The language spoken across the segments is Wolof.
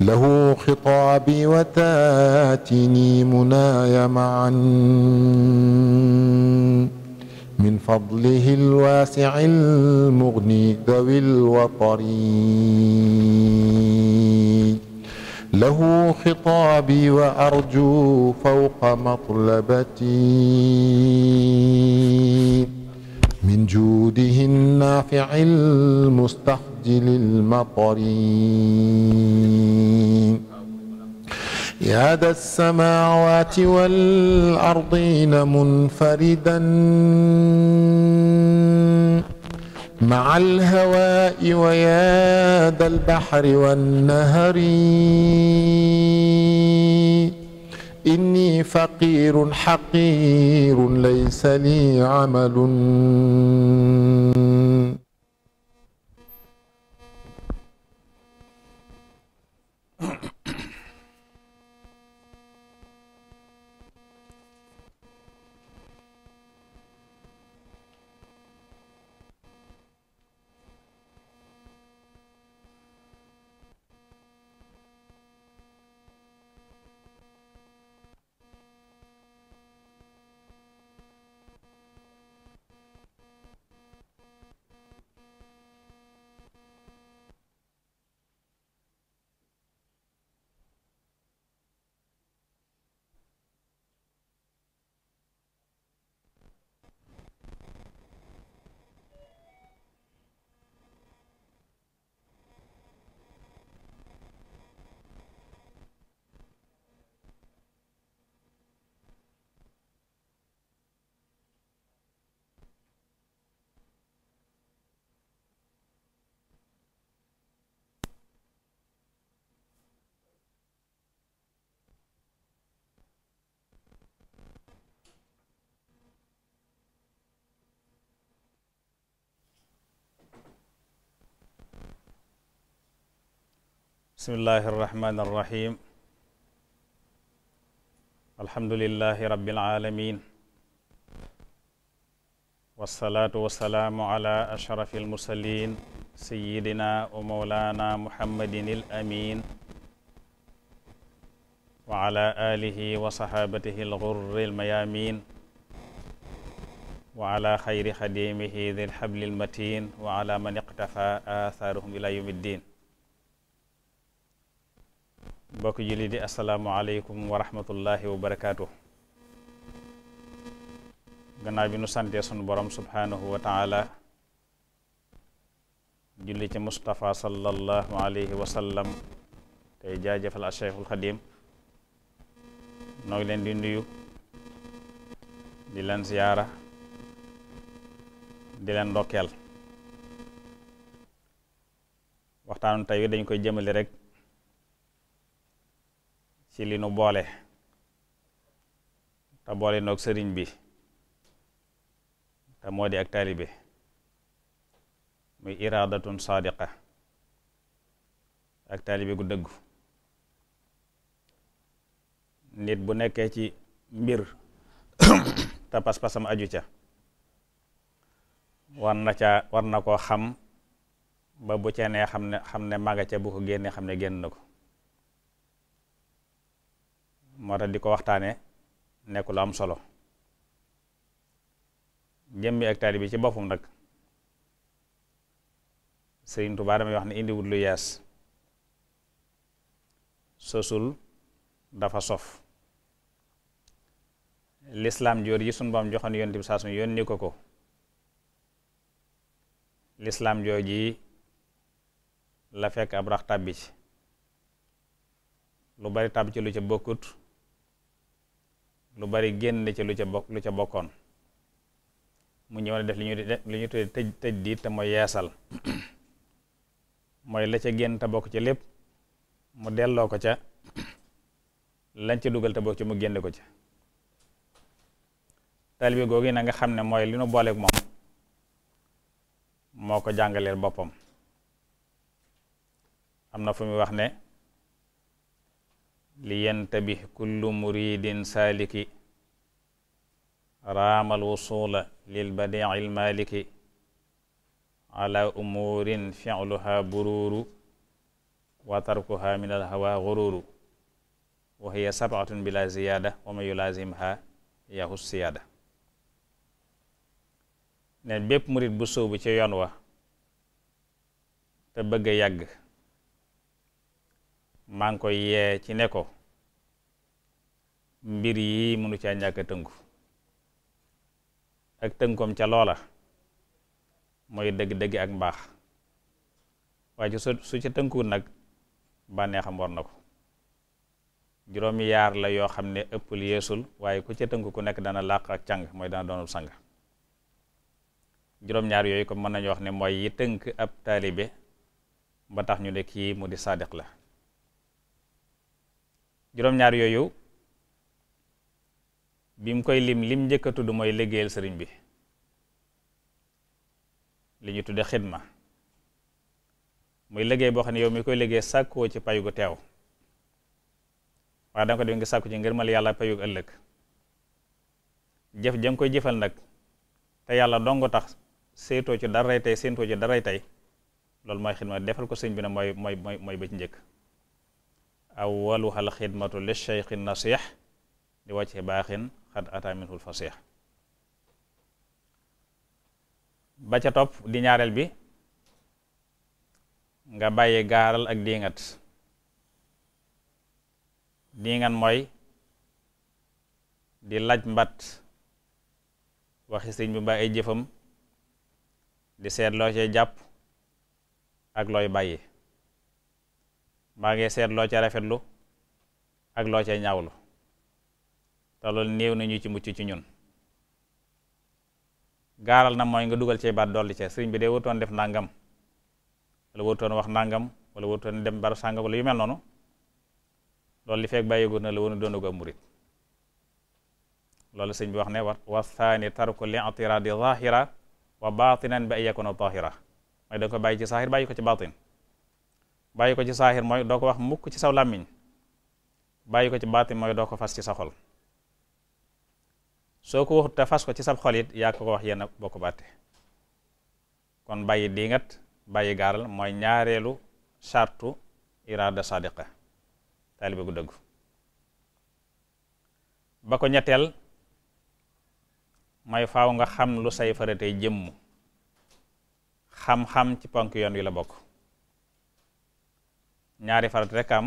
له خطابي وتاتني مناي معا من فضله الواسع المغني ذوي الوطر له خطابي وأرجو فوق مطلبتي من جوده النافع المستخجل المطر يا ذا السماوات والأرضين منفردا مع الهواء ويا ذا البحر والنهر inni faqiirun xaqiirun laysa li amalun bismillahi arrahmani arrahim alhamdulilahi rabbil alamin wasalaatu wasalaamu ala ashrafi almursalin sayidina wa mawlana muhammadin al amin wa ala alihi wa sahabatihi al ghurri al mayamin wa ala xayri xadimihi dhi al habli al matin wa ala man iqtafa atharuhum ila yawmi ddin bokk julli di asalaamualeykum wa rahmatullahi wa barakaatu. gannaaw bi nu santee sunu borom subhaanahu wa taala julli ci Mustafa sallallahu alayhi wa sallam tey jaajëfal a Cheikhul Xadim noo ngi leen di nuyu di leen ziyaara di leen ndokkeel waxtaanu tey dañ koy jëmale rek ci li nu boole te boole noog sëriñ bi te moo di ak taalibe muy iraadatun saadiqa ak taalibe gu dëggu nit bu nekkee ci mbir te pas-pasam aju ca war na ca war na koo xam ba bu ca nee xam ne xam ne maga ca bu ko génnee xam ne génn na ko moo tax di ko waxtaane nekk lu am solo jëmmi ak taalibe bi ci boppam nag Sëriñ Tuubaa damay wax ne indiwut lu yees sosul dafa sof lislaam joor yi sunu Boroom joxoon yonent bi saa sunu yónni ko ko lislaam joor ji la fekk ab rax tàbbi ci lu bari tàbbi ci lu ca bokkut lu bari génn ci lu ca bokk lu ca bokkoon mu ñëw def lu ñu li ñuy tuddee tëj tëj diit te mooy yeesal mooy la ca génn te bokk ca lépp mu delloo ko ca lañ ca dugal te bokk ci mu génn ko ca taalibe googu na nga xam ne mooy lu nu booleeg moom moo ko jàngaleel boppam am na fu muy wax ne li yantabih kullu muridin raama alwusula lilbadii almaliki ala umurin filuha bururu wa min alhawa gururu wa hiya sabatun bila ziyada wa man yulazimha yahu siyaada ne bépp murit bu sóobu ci yoon wa te bëgg yàgg maa ngi koy yee ci ne ko mbir yi mënu caa ñàkk tënku ak tënkoom ca loola mooy dëgg-dëgg ak mbaax waaye su su ca tënkuwut nag bànneexam war na ko juróomi yaar la yoo xam ne ëppul yeesul waaye ku ca tënku ku nekk dana làq ak càng mooy dana doonub sang juróom-ñaar yooyu ko mën nañu wax ne mooy yi tënk ab taalibe ba tax ñu ne kii mu di saadiq la juróom-ñaar yooyu bi mu koy lim lim njëkk a tudd mooy liggéeyal sëriñ bi li ñu tudde xidma muy liggéey boo xam ne yow mi koy liggéey sàkkoo ci pay gu teew waaye danga ko def ngi sàkku ci ngërmal yàlla payu ëllëg jëf ja nga koy jëfal nag te yàlla dong tax séetoo ci daray tey séentoo ci daray tey loolu mooy xidma defal ko sëriñ bi nag mooy mooy mooy njëkk aw awaluha alxidmatu na nasih di wàcce baaxin xad ataminhul fasih ba ca topp di ñaareel bi nga bàyyi gaaral ak diingat diingat mooy di laaj mbat waxi sëñ bi mbaa ay jëfam di seet loo cee jàpp ak looy bàyyi mbaa ngay seet loo ca rafetlu ak loo ca ñaawlu te loolu néew nañu ci mucc ci ñun gaaral na mooy nga dugal ci baat dolli ca sëriñ bi dee wutoon def nangam la wutoon wax nangam wala wutoon dem baru sàngam wala yu mel noonu loolu li fekk bàyyigut na la woon doon ak murit loolu sëñ bi wax ne wa thani tarku li i'tiradi zahira wa batinan bi ay yakuna tahira mooy da nga ko bàyyi ci saaxir bàyyi ko ci batin bàyyi ko ci saaxir mooy doo ko wax mukk ci saw làmmiñ bàyyi ko ci baati mooy doo ko fas ci sa xol soo ko waxut te fas ko ci sab xol yaa ko ko wax yéen a bokk baate kon bàyyi diingat bàyyi gaaral mooy ñaareelu sartu iraada sadiqa taalibe gu dëggu ba ko ñetteel mooy faaw nga xam lu say faratey jëmm xam-xam ci ponk yoon wi la bokk ñaari farat rek am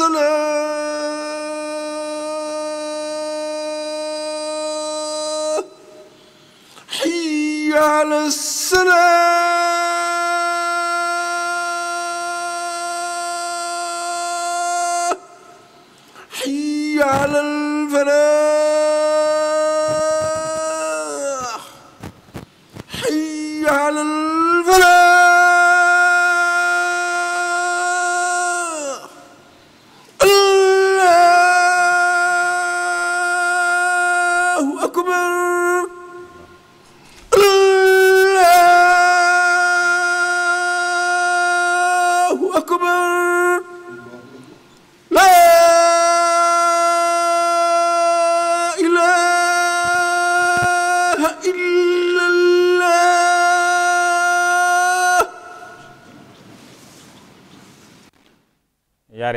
السلام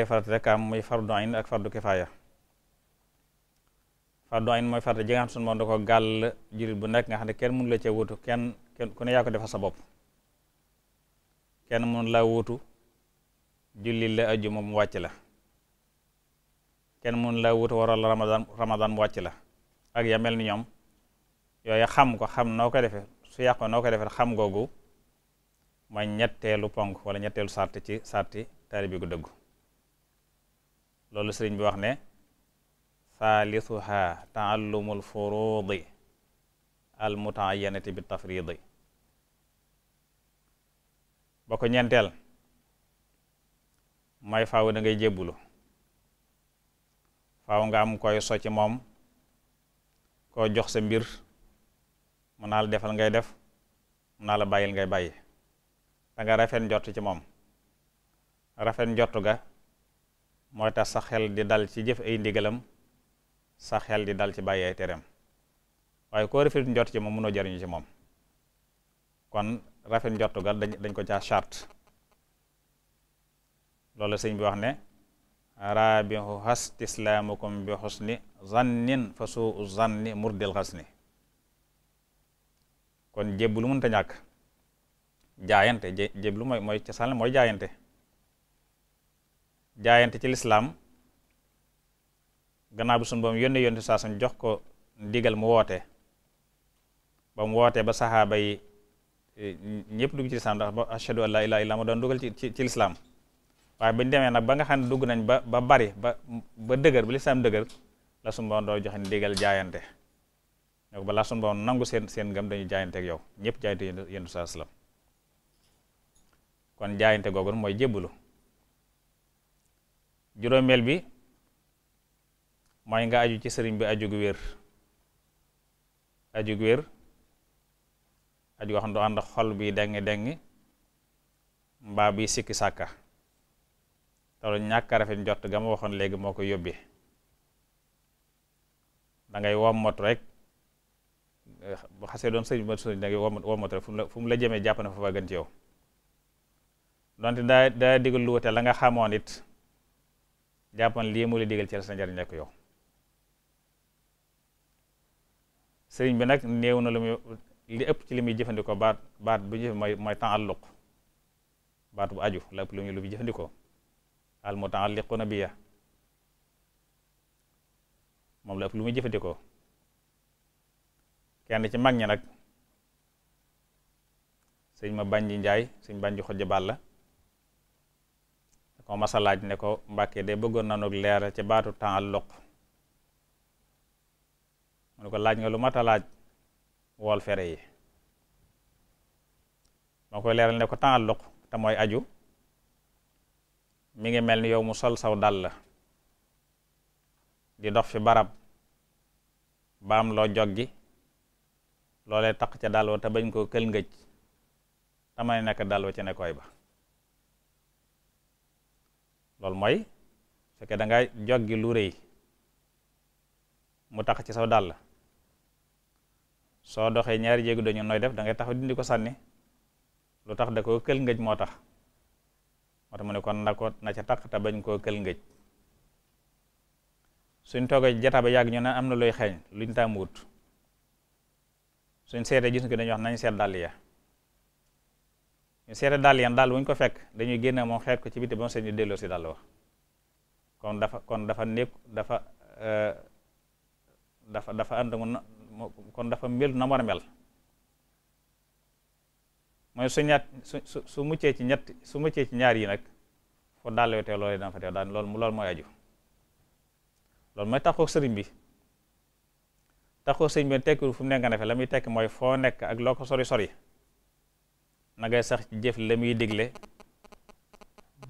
ñaari farata rek far muy fardu ayn ak fardu kifaaya fardu ayn mooy farata ji nga xam sun moom da ko gàll jurit bu nekk nga xam ne kenn mënu la cee wutu kenn kenn ku ne yaa ko defal sa bopp kenn mënu laa wutu la ajjuma mu wàcc la kenn mënu la wutu waral la mu wàcc la ak ya mel ni ñoom yooyu xam ko xam noo koy defee su yàqoo noo koy defee xam googu mooy ñetteelu ponk wala ñetteelu sart ci sarti bi gu dëggu loolu sëriñ bi wax ne thalithuha taallumul furudi al mutaayanati bi tafridi ba ko ñeenteel mooy faaw da ngay jébbulu faaw nga am koy so ci moom koo jox sa mbir mun naa la defal ngay def mun naa la bàyyil ngay bàyyi da rafet njort ci moom rafet njort ga mooy tax sax xel di dal ci jëf ay ndigalam sa xel di dal ci bàyyi ay tereem waaye koo rafet njot ci moom mënoo jariñ ci moom kon rafet njottu gal dañ ko caa charte loolu sëñ bi wax ne raabihu xas tislaamukum bi xusni zannin fa suu zanni murdil xas ni kon jébbu lu mënta ñàkk jaayante jébbu lu mooy mooy ca sànni mooy jaayante jaayante ci lislaam gannaaw bi sunu boom yónne yónni saa suñ jox ko ndigal mu woote ba mu wootee ba saxaaba yi eh, ñëpp dugg ci lislaam ndax ba ashadu an laa ilaaha illallaah ma doon dugal ci ci lislaam waaye bañu demee nag ba nga xam ne dugg nañ ba ba bari ba ba dëgër ba lislaam dëgër la sunu boom doo joxe ndigal jaayante ne balaa sunu boom nangu seen seen ngëm dañu jaayante yow ñëpp jaayante yónni saa salaam kon jaayante googu mooy jébbalu juróomeel bi mooy nga aju ci sëriñ bi aju gu wér aju gu wér aju goo xam ne du ànd xol bi dengi dengi mbaa bi sikki sàkka tolu ñàkk a rafet njort ga waxoon léegi moo ko yóbbi dangay ngay wommat rek bu xasee doon sëriñ bi sëriñ da ngay wommat rek fu mu la jëmee jàpp na fa fa gën ci yow donte daa daa digal lu wute la nga xamoon it jàppan lii mu la digal ci la sa njariñ nekk yow sëriñ bi nag néew na lu muy li ëpp ci li muy jëfandikoo baat baat bu jëf bu aju la ëpp lu muy lu muy jëfandikoo al mutaalliquna biya moom la ëpp lu muy jëfandikoo kenn ci mag ñi nag sëñ ma bànji njaay sëñ bànji xojja bàll la moo mas a ne ko Mbàkke de bëggoon nanuk leeral ci baatu taalluq mu ne ko laaj nga lu mat a laaj wool fere yi moo koy leeral ne ko taalluq te mooy aju mu ngi mel ni yow mu sol saw dal la di dox fi barab baam loo joggi loolee taq ca dal wa te bañ koo kël ngëj tamay nekk dal wa ci nekkoy ba loolu mooy fekkee da nga joggi lu rëy mu tax ci saw dàll soo doxee ñaari jéegu dañu nooy def da ngay taxaw dindi ko sànni lu tax da koo kël ngëj moo tax moo tax mu ne kon na ko na ca taq te bañ koo kël ngëj suñ toogee jataa ba yàgg ñu ne am na luy xeeñ luñ wut suñ seetee gis nga dañuy wax nañ seet dàll ya ñu seeta daal yan daal wuñ ko fekk dañuy génne moom xeet ko ci biti ba mu seet ñu delloo si dàll wax kon dafa kon dafa nékk dafa euh, dafa dafa ànd mu kon dafa mel na mel mooy su ñaat su su su muccee ci ñett su muccee ci ñaar yi nag foo dàll wi teew loolu dana fa teew daal loolu loolu mooy aju loolu mooy taxoo sëriñ bi taxoo sëriñ bi tekkiwul fu mu nekk nga ne fa la muy tekki mooy foo nekk ak loo ko sori sori na ngay sax jëf la muy digle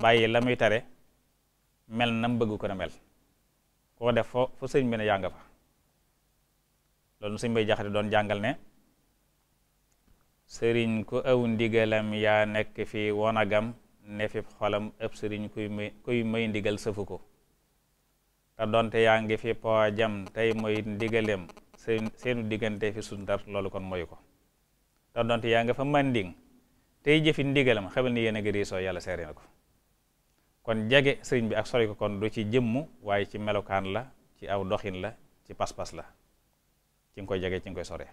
bàyyi la muy tare mel nam bëgg ko na mel koo def fo fo sëñ bi ne yaa fa loolu sëñ bay jaxate doon jàngal ne sëriñ ku aw ndigalam yaa nekk fi wonagam ne fi xolam ëpp sëriñ kuy may kuy ndigal sëfu ko te donte yaa ngi fi poojam tey mooy ndigalem seen seenu diggante fi sundar loolu kon moyu ko te donte yaa nga fa manding tey jëfin jëfi ndigalam xamal ni yéen a ngi riisoo yàlla seere na ko kon jege sëriñ bi ak sore ko kon du ci jëmm waaye ci melokaan la ci aw doxin la ci pas-pas la ci nga koy jege ci nga koy sore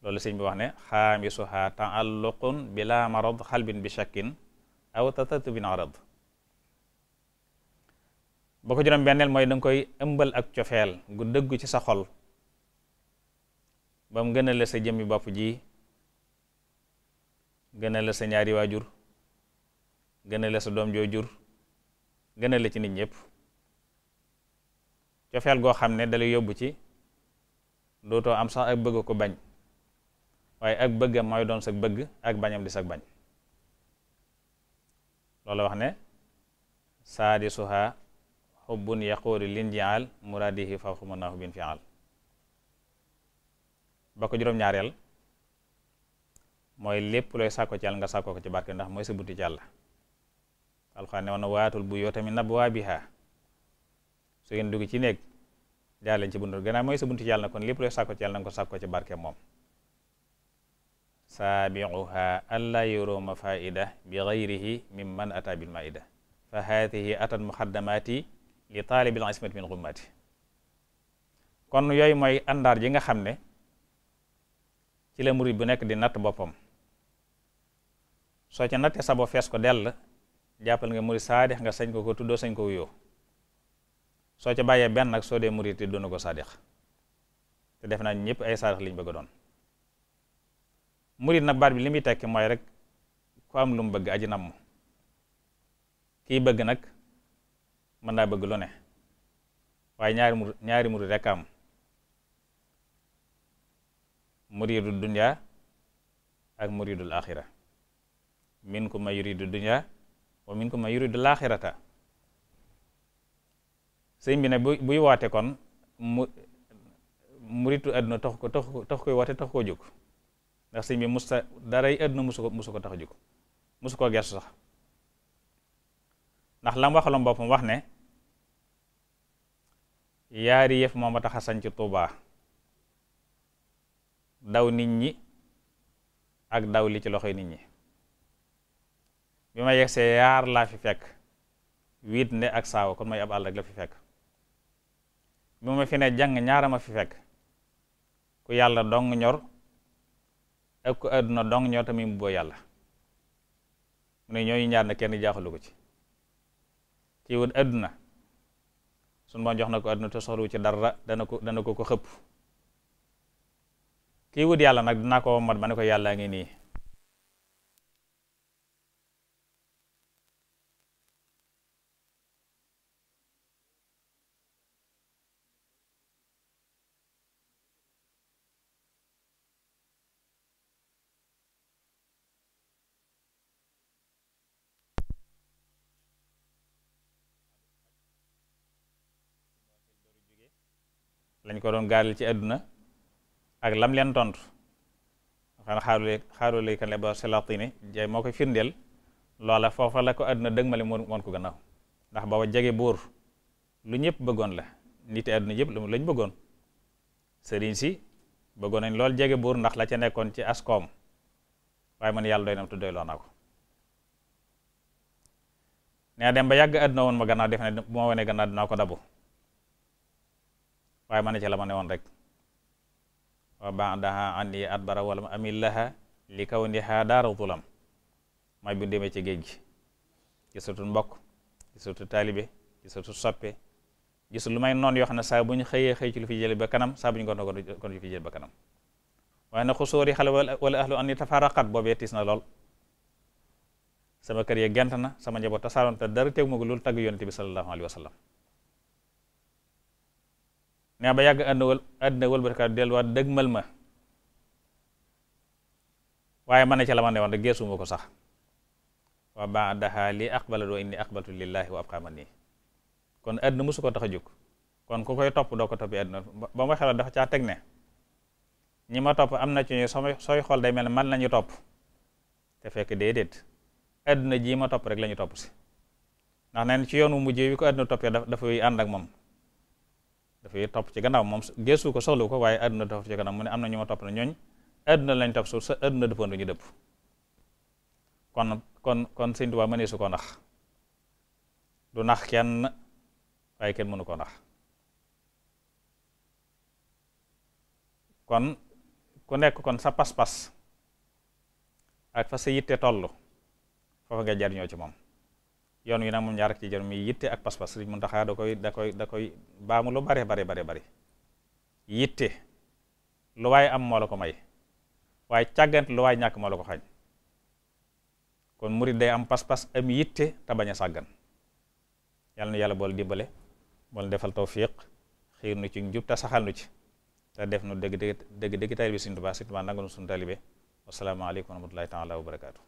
loolu sëriñ bi wax ne xaamisuha taalluqun bila marad xalbin bi shakkin aw tatatubin arad ba ko juróom benneel mooy danga koy ëmbal ak cofeel gu dëggu ci sa xol ba mu sa jëmmi bopp ji gënal la sa ñaari waajur gënal la sa doom joo jur gënal la ci nit ñëpp cofeel goo xam ne dalay yóbbu ci dootoo am sax ak bëgg ko bañ waaye ak bëggam mooy doon sag bëgg ak bañam di sag bañ loolu wax ne saadi suha xubbun yaquuri lin jial muraadihi fawxu manaahu bin fial ba ko juróom-ñaareel mooy lépp looy sàkko ci nga sàkko ko ci barke ndax mooy sa bunti ci yàlla ne woon na waatul bu yoo tamit nab waa biha su ngeen dugg ci néeg jaar leen ci buntu gannaaw mooy sa buntu ci kon lépp looy sàkko ci yàlla na nga ko sàkko ci barke moom saabiuha alla yuruma faida bi gayrihi min man ata bil maida fa haatihi atat muxaddamaati li taalibil ismati min xummaati kon yooyu mooy àndaar ji nga xam ne ci la murid bu nekk di natt boppam soo ca natte sabo fees ko dell jàppal nga murit saadix nga sañ ko ko tuddoo sañ ko wuyoo soo ca bàyyee benn nag soo dee murit te doona ko saadix te def naa ñëpp ay saadix liñ bëgg a doon murit nag baat bi li muy tekki mooy rek ku am lu bëgg aji namm kii bëgg nag mën naa bëgg lu ne waaye ñaari mur ñaari murit rek am du dunya ak muridul axira minkum man yuridu dunya wa minkum man yuridu laaxirata sëñ bi ne bu buy waate kon mu muritu àdduna tax ko tax ko tax koy waate tax koo jóg ndax sëñ bi musta daray àdduna musu ko musu ko tax jóg musu koo gersu sax ndax lam waxaloon boppam wax ne yaari yëf moo ma tax a sañ ci Tuubaa daw nit ñi ak daw li ci loxoy nit ñi bi ma yegsee yaar laa fi fekk wiit nde ak saawa kon may ab àll rek la fi fekk bi ma fi ne jàng ñaara ma fi fekk ku yàlla dong ñor ak ku àdduna dong ñor tamit mu boo yàlla mu ne ñooñu ñaar na kenn jaaxalu ko ci kii wut àdduna sun ma jox na ko àdduna te soxlawu ci dara dana ko dana ko ko xëpp kii wut yàlla nag dinaa ko mat ma ne ko yàllaa ngi nii lañ ko doon gaaral ci àdduna ak lam leen tontu xanaa xaarulee xaarulee kan la ba salatine jay moo koy firndeel loola foofa la ko àdduna dëgmale moon ko gannaaw ndax booba jege buur lu ñëpp bëggoon la nit àdduna yëpp lu lañ bëggoon sëriñ si bëggoon nañ lool jege buur ndax la ca nekkoon ci askoom waaye man yàlla doy na mu tudd doy loo naa ko nee dem ba yàgg àdduna woon ma gannaaw def ne bu ma wonee gannaaw dinaa ko dabu waaye ma ne ca la ma ne woon rek wa baadaha an yi adbara walam amillaha li kaw ndihaa daara zulam may bu demee ci géej gi gisatu mbokk gisatu taalibe gisatu soppe gisul lu may noon yoo xam ne saa bu ñu xëyee xëy ci lu fi jële ba kanam saa bu ñu gonto kon lu fi jële ba kanam waaye na xusóori xale wala ahlu an yi tafaraqat boobee tiis na lool sama kër ya gent na sama njaboot tasaaroon te dara teew ma ko loolu tagg yonente bi sallallahu alayhi wa nee ba yàgg àddina wal àddina wëlbatikaat delluwaat dëgmal ma waaye man na ca la ma ne geesuma ko sax wa baadaha li lii doo inni aqbaltu lillahi wa abqaa man nii kon àddina musu ko tax a jóg kon ku koy topp doo ko toppi àddina ba ma xelal dafa caa teg ne ñi ma topp am na ci sooy sooy xool day mel ne man lañu topp te fekk déedéet addina jii ma topp rek la topp si ndax nee ci yoonu mujj bi ko àddina toppee dafay ànd ak moom dafay topp ci gannaaw moom geesu ko soxlu ko waaye àdduna topp ci gannaaw mu ne am na ñu ma topp na ñooñ àdduna lañ topp suuf sa àdduna dëppoon ñu dëpp kon kon kon sëñ Tuubaa mënee su ko nax du nax kenn waaye kenn mënu ko nax kon ku nekk kon sa pas-pas ak fa sa yitte toll foofa nga jariñoo ci moom yoon wi nag moom ñaar ak ci jëm mi yitte ak pas-pas Sëriñ Muntaxa da koy da koy da koy baamu lu bare bare bare yitte lu waaye am moo ko may waaye càggante lu waaye ñàkk moo ko xañ kon murid day am pas-pas am yitte te bañ a sàggan yàlla na yàlla bool dimbale bool defal tawfiq xiir nu ci njub te saxal nu ci te def nu dëgg dëgg dëgg dëgg taalibe bi Sëriñ Tuubaa Sëriñ Tuubaa nangu nu suñu taalibe wasalaamaaleykum wa rahmatullahi taala wa barakaatu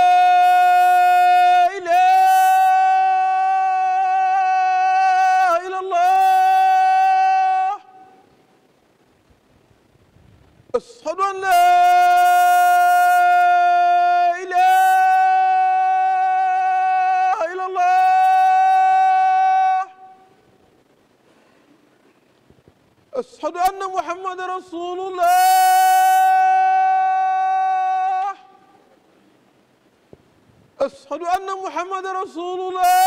محمد رسول الله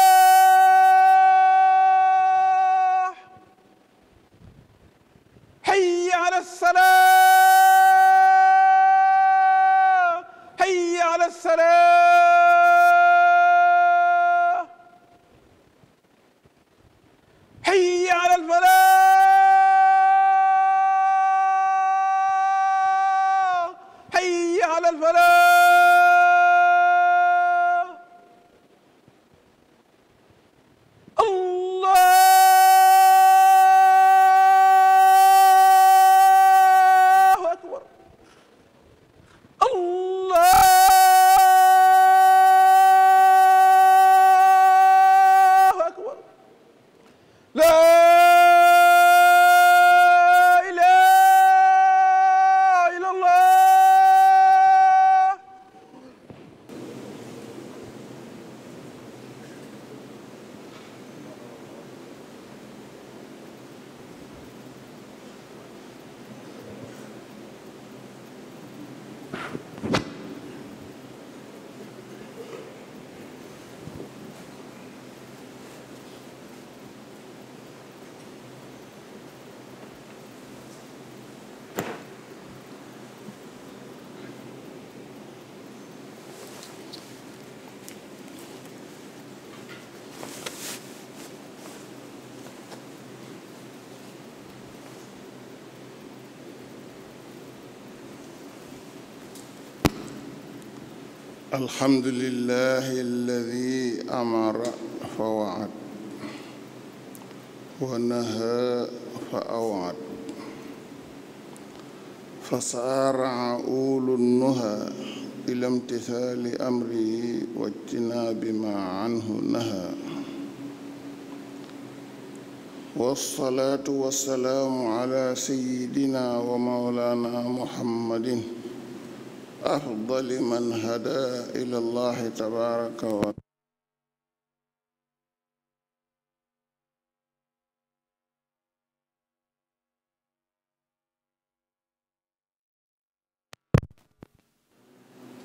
الحمد لله الذي أمر فوعد ونهى فأوعد فسارع أولو النهى إلى امتثال أمره واجتناب ما عنه نهى والصلاة والسلام على سيدنا ومولانا محمد أفضل من هدى إلى الله تبارك وتعالى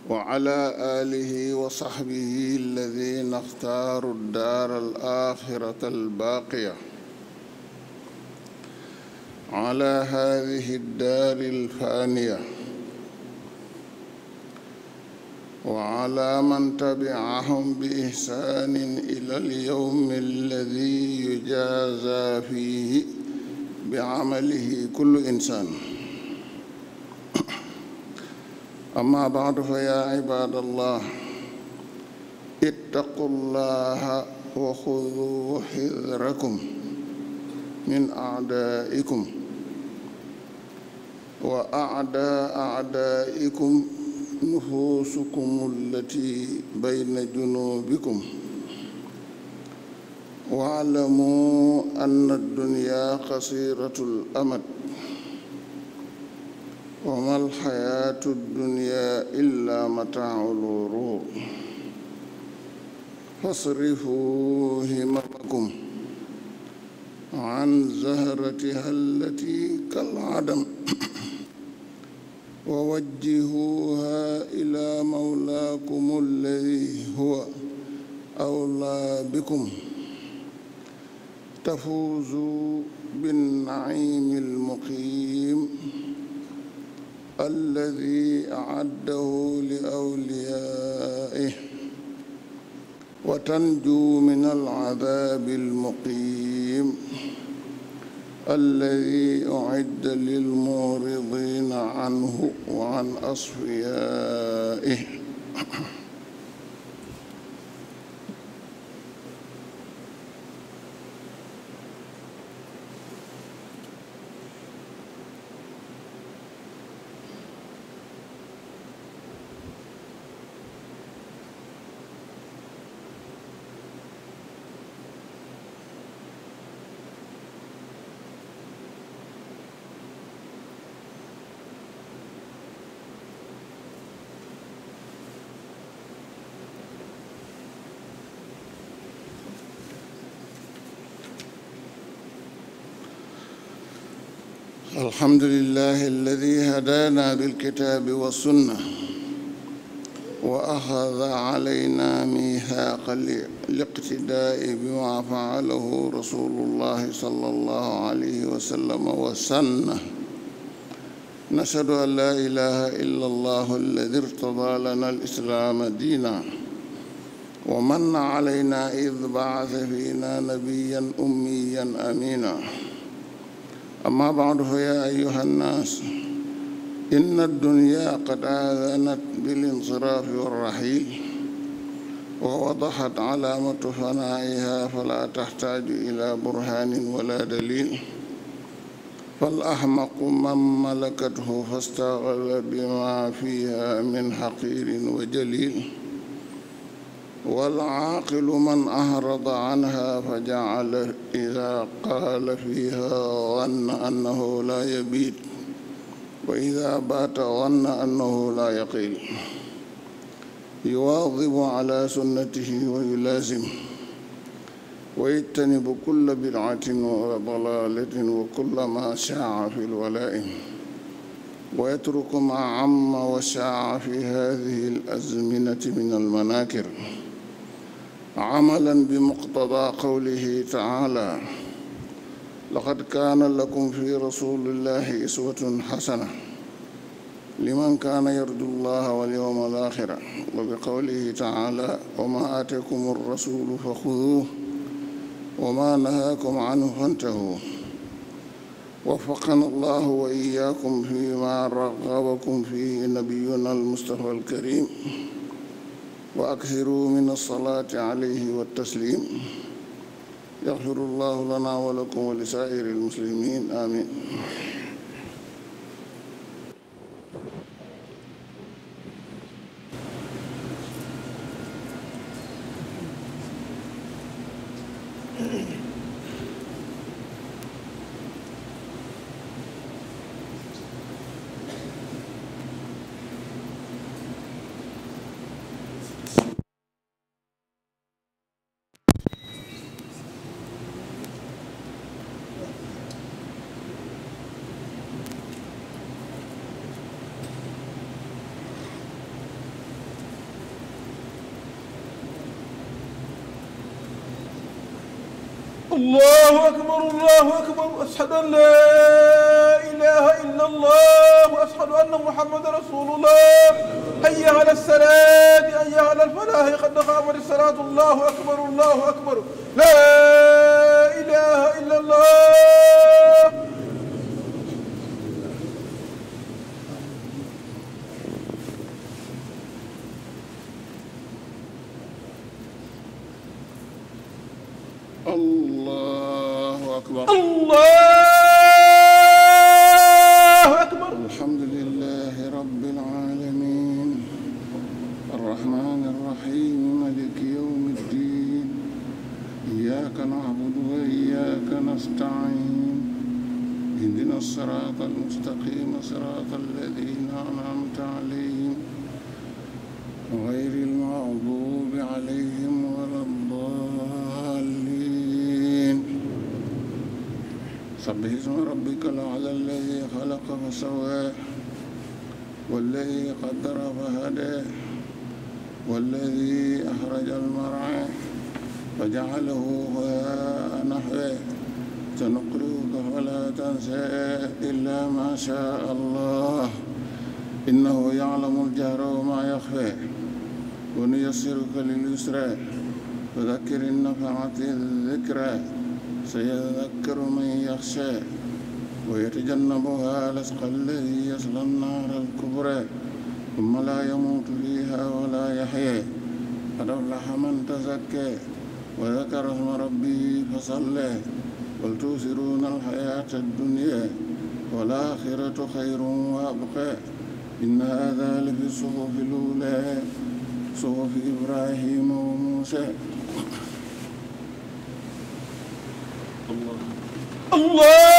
وعلى آله وصحبه الذين اختاروا الدار الآخرة الباقية على هذه الدار الفانيه وعلى من تبعهم بإحسان إلى اليوم الذي يجازى فيه بعمله كل إنسان أما بعد فيا عباد الله اتقوا الله وخذوا حذركم من أعدائكم وأعداء أعدائكم نفوسكم التي بين جنوبكم واعلموا أن الدنيا قصيرة الأمد وما الحياة الدنيا إلا متاع الغرور فاصرفوا هممكم عن زهرتها التي كالعدم ووجهوها إلى مولاكم الذي هو أولى بكم تفوزوا بالنعيم المقيم الذي أعده لأوليائه وتنجو من العذاب المقيم الذي أعد للمعرضين عنه وعن أصفيائه الحمد لله الذي هدانا بالكتاب والسنة وأخذ علينا ميثاق الاقتداء بما فعله رسول الله صلى الله عليه وسلم وسنه نشهد أن لا إله إلا الله الذي ارتضى لنا الإسلام دينا ومن علينا إذ بعث فينا نبيا أميا أمينا أما بعد فيا أيها الناس إن الدنيا قد آذنت بالانصراف والرحيل ووضحت علامة فنائها فلا تحتاج إلى برهان ولا دليل فالأحمق من ملكته فاستغل بما فيها من حقير وجليل والعاقل من أعرض عنها فجعل إذا قال فيها ظن أنه لا يبيت وإذا بات ظن أنه لا يقيل يواظب على سنته ويلازم ويجتنب كل بدعة وضلالة وكل ما شاع في الولائم ويترك ما عم وشاع في هذه الأزمنة من المناكر عملا بمقتضى قوله تعالى لقد كان لكم في رسول الله اسوه حسنه لمن كان يرجو الله واليوم الاخر وبقوله تعالى وما اتاكم الرسول فخذوه وما نهاكم عنه فانتهوا وفقنا الله واياكم فيما رغبكم فيه نبينا المصطفى الكريم wa aksiru min alsalaati alayhi waltaslim yaxfiru llahu lana wa lakum wa li saa'iri almuslimin amin allahu akbar allahu akbar ashhadu an la ilaha illa allah wa ashhadu anna muhammadan rasulullah hayya ala salaati hayya ala alfalaahi qad qaamat salaatu allahu akbar allahu akbar la ilaha illa allah فجعله هواء نحوه سنقرئك فلا تنسى إلا ما شاء الله إنه يعلم الجهر وما يخفى ونيسرك لليسرى فذكر النفعة الذكرى سيذكر من يخشى ويتجنبها الأشقى الذي يصلى النار الكبرى ثم لا يموت فيها ولا يحيى قد أفلح من تزكى وذكر اسم ربه فصلى بل توسرون الحياة الدنيا والآخرة خير وأبقى إن هذا لفي الصحف الأولى صحف إبراهيم وموسى الله الله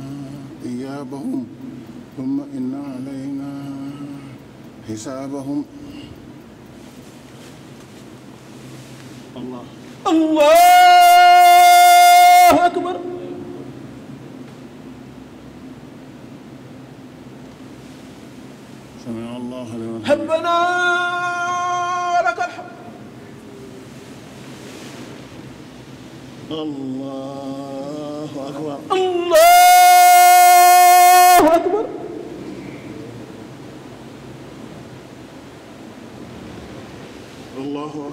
ثيابهم ثم إن علينا حسابهم الله الله أكبر سمع الله لمن حبنا لك الحمد الله أكبر الله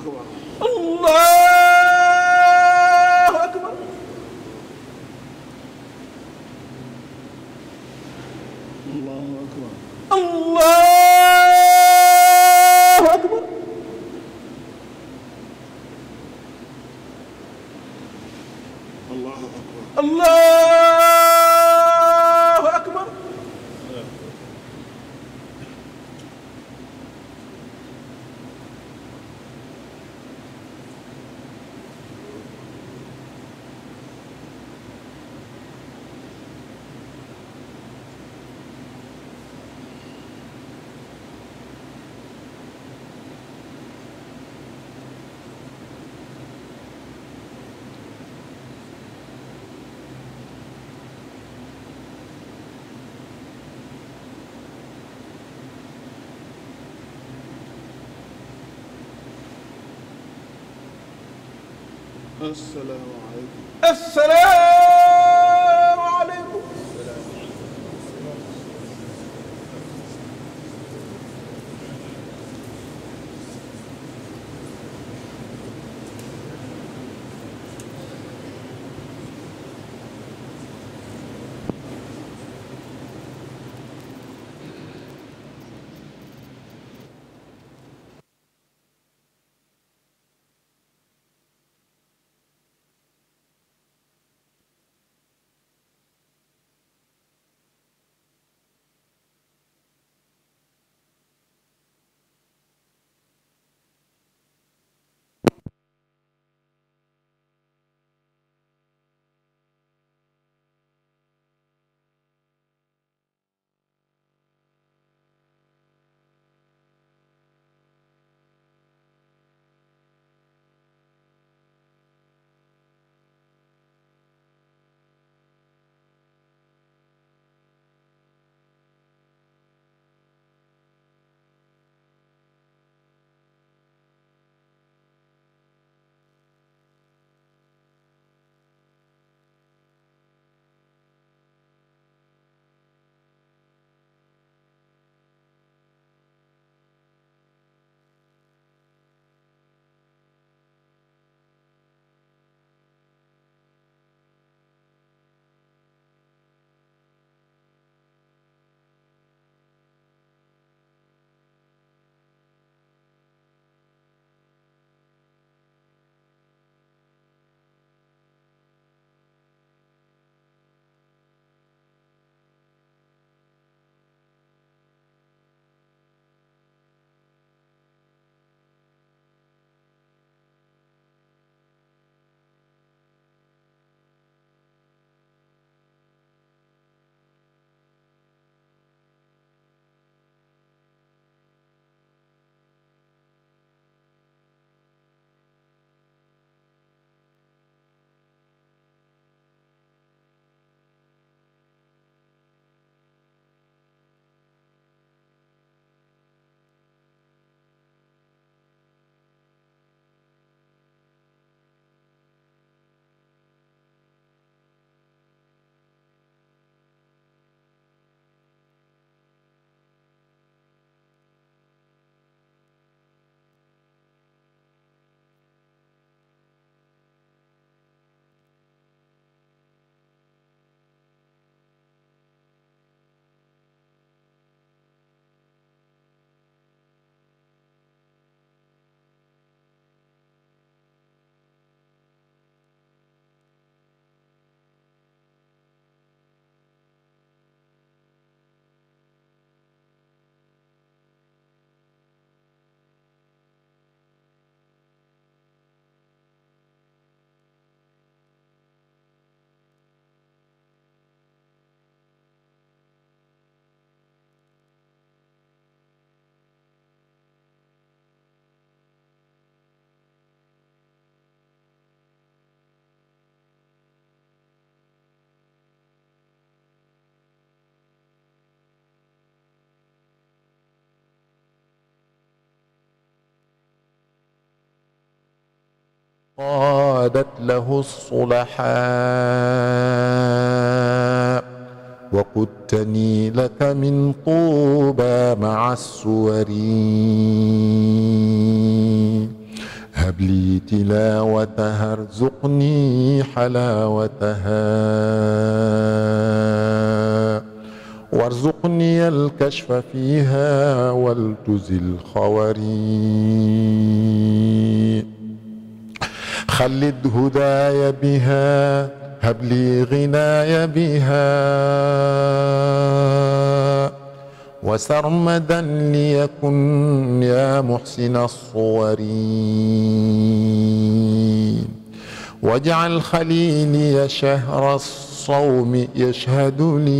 ko waral. asalaamaaleykum. قادت له الصلحاء وقدتني لك من طوبى مع السور هب لي تلاوتها ارزقني حلاوتها وارزقني الكشف فيها والتزي الخوري خلد هداي بها هب لي غناي بها وسرمدا ليكن يا محسن الصور واجعل خليلي شهر الصوم يشهد لي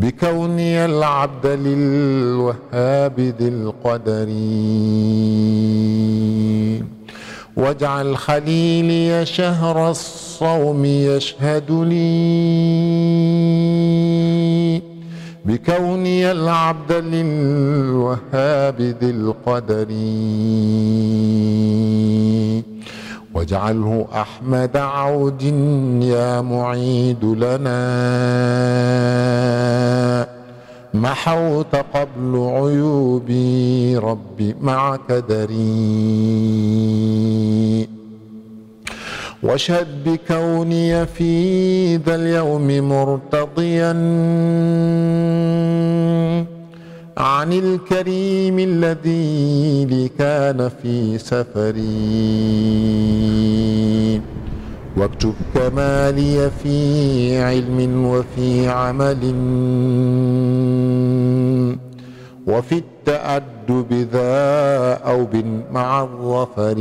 بكوني العبد للوهاب ذي القدر واجعل خليلي شهر الصوم يشهد لي بكوني العبد للوهاب ذي القدر واجعله أحمد عود يا معيد لنا محوت قبل عيوبي رب معك دري واشهد بكوني في ذا اليوم مرتضيا عن الكريم الذي لي كان في سفري واكتب كما لي في علم وفي عمل وفي التأدب ذا أو مع الظفر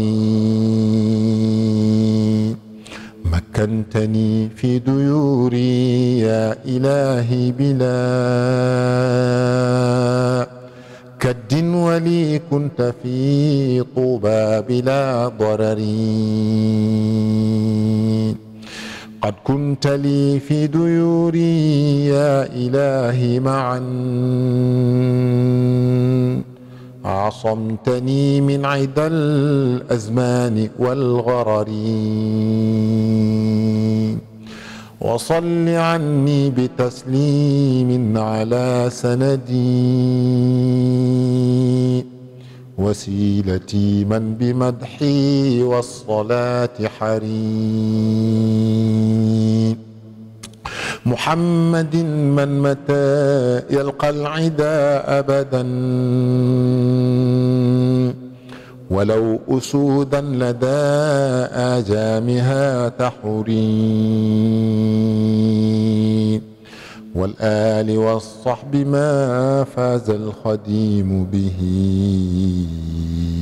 مكنتني في ديوري يا إلهي بلا جد ولي كنت في طوبى بلا ضرر قد كنت لي في ديوري يا إلهي معا عصمتني من عدى الأزمان والغرر وصل عني بتسليم على سندي وسيلتي من بمدحي والصلاة حري محمد من متى يلقى العدا أبدا ولو أسودا لدى آجامها تحرين والآل والصحب ما فاز الخديم به